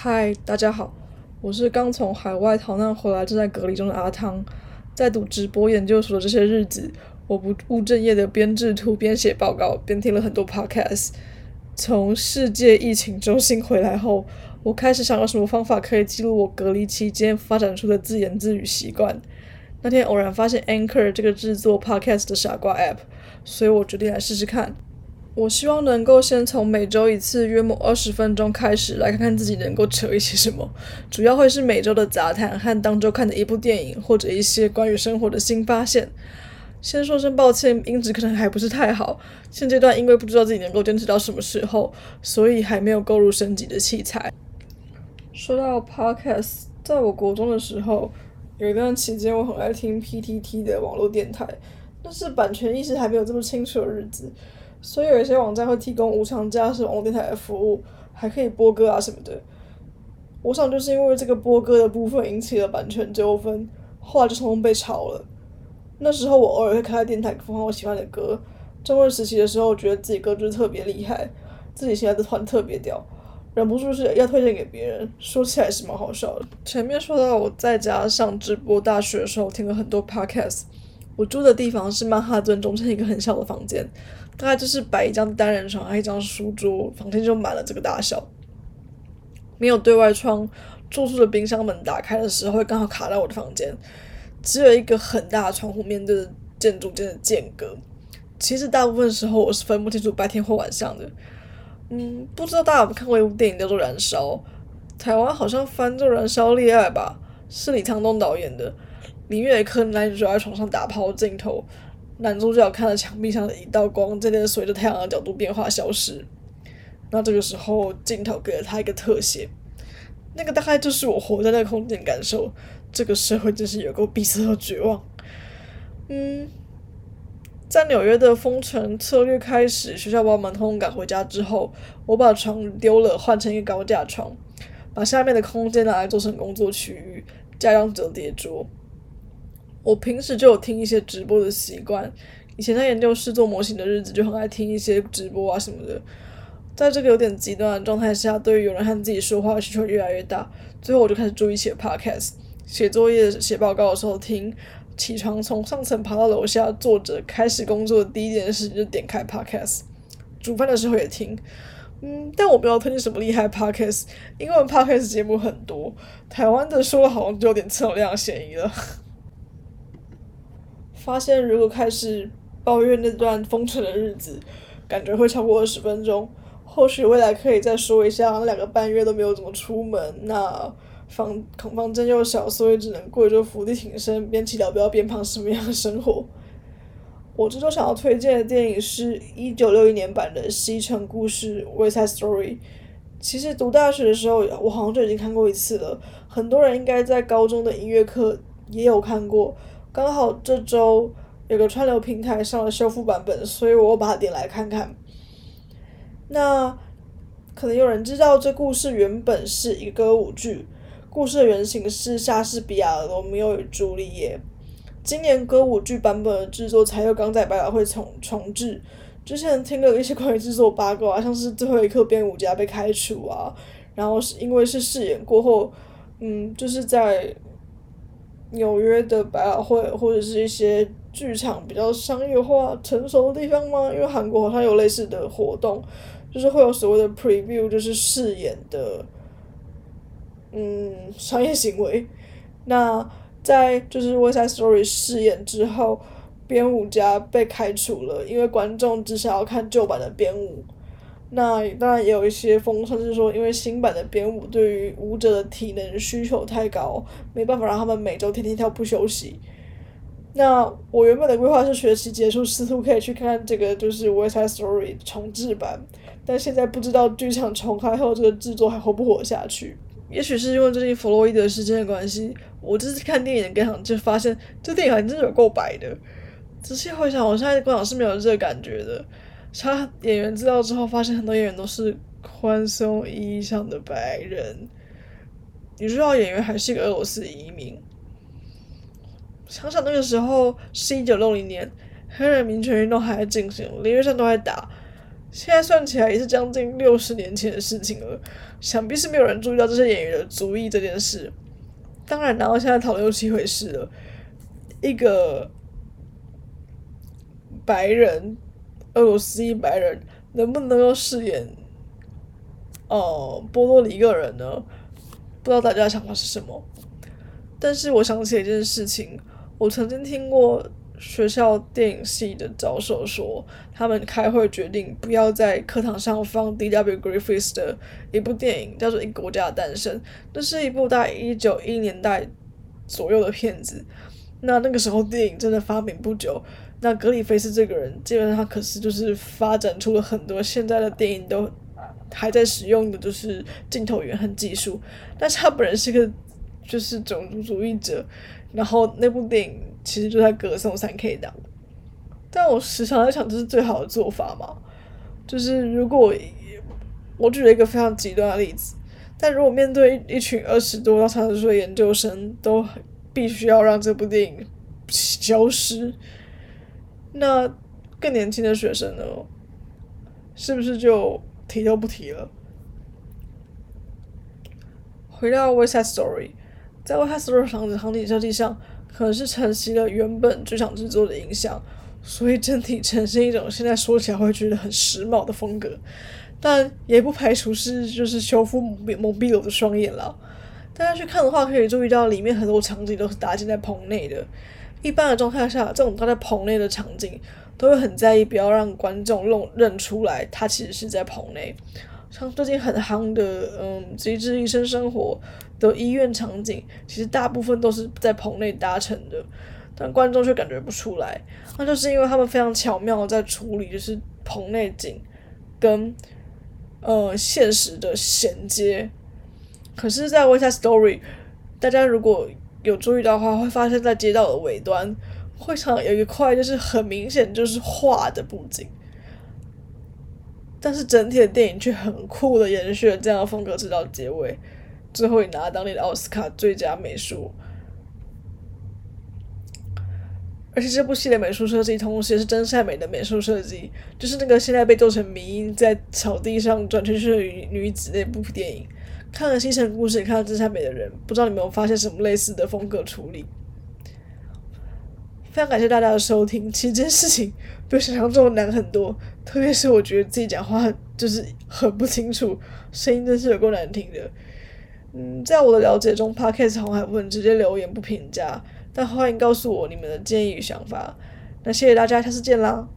嗨，大家好，我是剛從海外逃難回來正在隔離中的阿湯。在讀直播研究所的這些日子，我不務正業的邊製圖邊寫報告，邊聽了很多 podcast。從世界疫情中心回來後，我開始想有什麼方法可以記錄我隔離期間發展出的自言自語習慣。那天偶然發現 Anchor 這個製作 podcast 的傻瓜 app，所以我決定來試試看。我希望能夠先從每周一次約莫二十分鐘開始，來看看自己能夠扯一些什麼。主要會是每周的雜談和當周看的一部電影，或者一些關於生活的新發現。先說聲抱歉，音質可能還不是太好。現階段因為不知道自己能夠堅持到什麼時候，所以還沒有購入升級的器材。說到 Podcast，在我國中的時候，有一段期間我很愛聽 PTT 的網絡電台，但是版權意識還沒有這麼清楚的日子。所以有一些網站會提供無償架設網絡電台的服務，還可以播歌啊什麼的。我想就是因為這個播歌的部分引起了版權糾紛，後來就統統被炒了。那時候我偶爾會開電台播放我喜歡的歌。中二時期的時候，我覺得自己歌就是特別厲害，自己現在的團特別屌，忍不住是要推薦給別人。說起來是蠻好笑的。前面說到我在家上直播大學的時候，聽了很多 Podcast。我住的地方是曼哈頓中心一個很小的房間，大概就是擺一張單人床，還有一張書桌，房間就滿了這個大小。沒有對外窗，住宿的冰箱門打開的時候會剛好卡在我的房間，只有一個很大的窗戶面對著建築間的間隔。其實大部分時候我是分不清楚白天或晚上的。嗯，不知道大家有沒有看過一部電影叫做《燃燒》，台灣好像翻做《燃燒戀愛》吧，是李滄東導演的。明月科男主就在床上打炮鏡頭，男主角看着牆壁上的一道光，這邊隨着太陽的角度變化消失。那這個時候鏡頭給了他一個特寫，那個大概就是我活在那個空間感受。這個社會真是有夠逼仄和絕望。嗯，在紐約的封城策略開始，學校把我們通通趕回家之後，我把床丟了，換成一個高架床，把下面的空間拿來做成工作區域，加上折疊桌。我平時就有聽一些直播的習慣，以前在研究室做模型的日子就很愛聽一些直播啊什麼的。在這個有點極端的狀態下，對於有人和自己說話的需求越來越大。最後我就開始注意寫 podcast，寫作業、寫報告的時候聽。起床從上層爬到樓下坐着開始工作的第一件事就點開 podcast，煮飯的時候也聽。嗯，但我不知道推薦什麼厲害 podcast，英文 podcast 節目很多，台灣的說好像就有點正能量嫌疑了。發現如果開始抱怨那段封城的日子，感覺會超過二十分鐘。或許未來可以再說一下，兩個半月都沒有怎麼出門，那房房間又小，所以只能過着伏地挺身、邊祈禱、邊變胖，什麼樣的生活。我這週想要推薦的電影是一九六一年版的《西城故事》《West Side Story》。其實讀大學的時候，我好像就已經看過一次了。很多人應該在高中的音樂課也有看過。剛好這週有個串流平台上了修復版本，所以我把它點來看看。那可能有人知道，這故事原本是一個歌舞劇，故事的原型是莎士比亞的《羅密歐與朱麗葉》。今年歌舞劇版本的製作才又剛在百老匯重重製。之前聽了一些關於製作八卦啊，像是最後一刻編舞家被開除啊，然後是因為是試演過後，嗯，就是在。紐約的百老匯或者是一些劇場比較商業化成熟的地方嗎？因為韓國好像有類似的活動，就是會有所謂的 preview，就是試演的，嗯，商業行為。那在就是《West Side Story》試演之後，編舞家被開除了，因為觀眾只想要看舊版的編舞。那當然也有一些風聲，是說，因為新版的編舞對於舞者的體能需求太高，沒辦法讓他們每周天天跳不休息。那我原本的規劃是學習結束，試圖可以去看看這個就是《West Side Story》重置版，但現在不知道劇場重開後這個制作還活不活下去。也許是因為最近弗洛伊德事件的關係，我這次看電影開場，就發現這電影還真的有夠白的。仔細回想，我現在的觀影是沒有這個感覺的。查演員知道之後，發現很多演員都是寬鬆意義上的白人。你知道演員還是一個俄羅斯移民。想想那個時候是一九六零年，黑人民權運動還在進行，連越戰都在打。現在算起來也是將近六十年前的事情了，想必是沒有人注意到這些演員的族裔這件事。當然、啊，然後現在討論又是一回事了。一個白人。俄羅斯裔白人能不能夠飾演哦、呃、波多黎各人呢？不知道大家的想法是什麼。但是我想起一件事情，我曾經聽過學校電影系的教授說，他們開會決定不要在課堂上放 D.W. Griffith 的一部電影，叫做《一個國家的誕生》。這是一部在一九一年代左右的片子。那那個時候電影真的發明不久。那格里菲斯這個人，基本上他可是就是發展出了很多現在的電影都還在使用的就是鏡頭語言和技術，但是他本人是個就是種族主義者，然後那部電影其實就在歌頌三 K 黨。但我時常在想，這是最好的做法嘛，就是如果我舉了一個非常極端的例子，但如果面對一,一群二十多到三十歲的研究生，都必須要讓這部電影消失。那更年輕的學生呢？是不是就提都不提了？回到《West Side Story》，在《West Side Story》房子場景設計上，可能是承襲了原本劇場製作的影響，所以整體呈現一種現在說起來會覺得很時髦的風格。但也不排除是就是修復矇蔽矇蔽了我的雙眼了。大家去看的話，可以注意到裡面很多場景都是搭建在棚內的。一般的狀態下，這種搭在棚內的場景，都會很在意，不要讓觀眾弄認出來，他其實是在棚內。像最近很夯的，嗯，《急診醫生》生活的醫院場景，其實大部分都是在棚內搭成的，但觀眾卻感覺不出來。那就是因為他們非常巧妙地在處理，就是棚內景跟呃現實的銜接。可是在 West Side Story，大家如果有注意到的話，會發現在街道的尾端，會場有一塊就是很明顯就是畫的布景，但是整體的電影卻很酷的延續了這樣的風格直到結尾，最後也拿了當年的奧斯卡最佳美術。而且這部系列美術設計，同時也是真善美的美術設計，就是那個現在被做成迷因在草地上轉圈圈女子那部電影。看了《西城故事》，也看了《真善美》的人，不知道你們有沒有發現什麼類似的風格處理？非常感謝大家的收聽，其實這件事情比想象中的難很多，特別是我覺得自己講話就是很不清楚，聲音真是有夠難聽的。嗯，在我的了解中，Podcast 好像還不能直接留言不評價，但歡迎告訴我你們的建議與想法。那謝謝大家，下次見啦！